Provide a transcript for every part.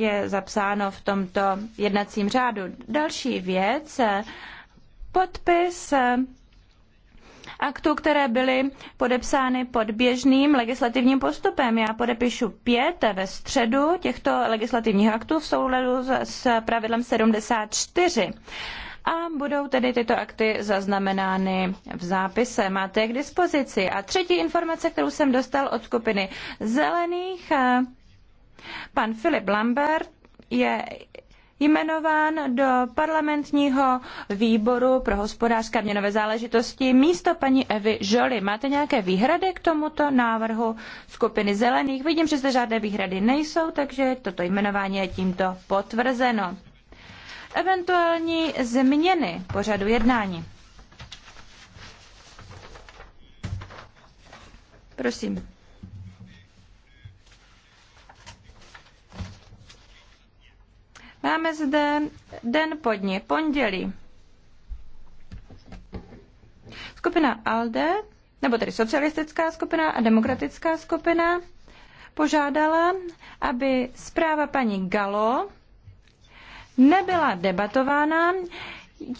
je zapsáno v tomto jednacím řádu. Další věc, podpis aktů, které byly podepsány pod běžným legislativním postupem. Já podepíšu pět ve středu těchto legislativních aktů v souladu s pravidlem 74 a budou tedy tyto akty zaznamenány v zápise. Máte je k dispozici. A třetí informace, kterou jsem dostal od skupiny zelených, Pan Filip Lambert je jmenován do parlamentního výboru pro hospodářské a měnové záležitosti místo paní Evy Joly. Máte nějaké výhrady k tomuto návrhu skupiny zelených? Vidím, že zde žádné výhrady nejsou, takže toto jmenování je tímto potvrzeno. Eventuální změny pořadu jednání. Prosím. Máme zde den po dní, pondělí. Skupina ALDE, nebo tedy socialistická skupina a demokratická skupina, požádala, aby zpráva paní Galo nebyla debatována.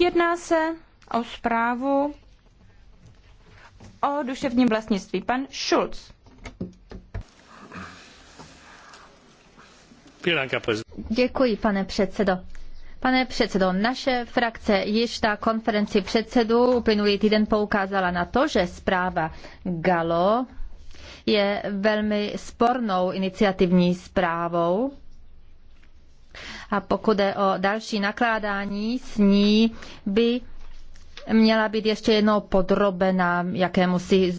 Jedná se o zprávu o duševním vlastnictví. Pan Schulz. Děkuji, pane předsedo. Pane předsedo, naše frakce již na konferenci předsedů uplynulý týden poukázala na to, že zpráva Galo je velmi spornou iniciativní zprávou. A pokud je o další nakládání s ní, by měla být ještě jednou podrobena jakémusi